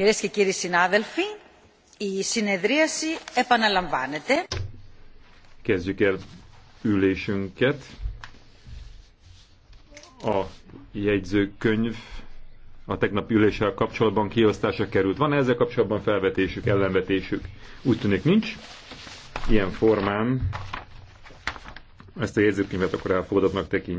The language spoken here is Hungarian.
Κυρίες και κύριοι συνάδελφοι, η συνεδρίαση επαναλαμβάνεται. Kezdjük el ülésünket. A jegyzőkönyv a tegnapi üléssel kapcsolatban kiosztásra került. Van-e ezzel kapcsolatban felvetésük, ellenvetésük? Úgy tűnik nincs. Ilyen formán ezt a jegyzőkönyvet akkor elfogadottnak tekintjük.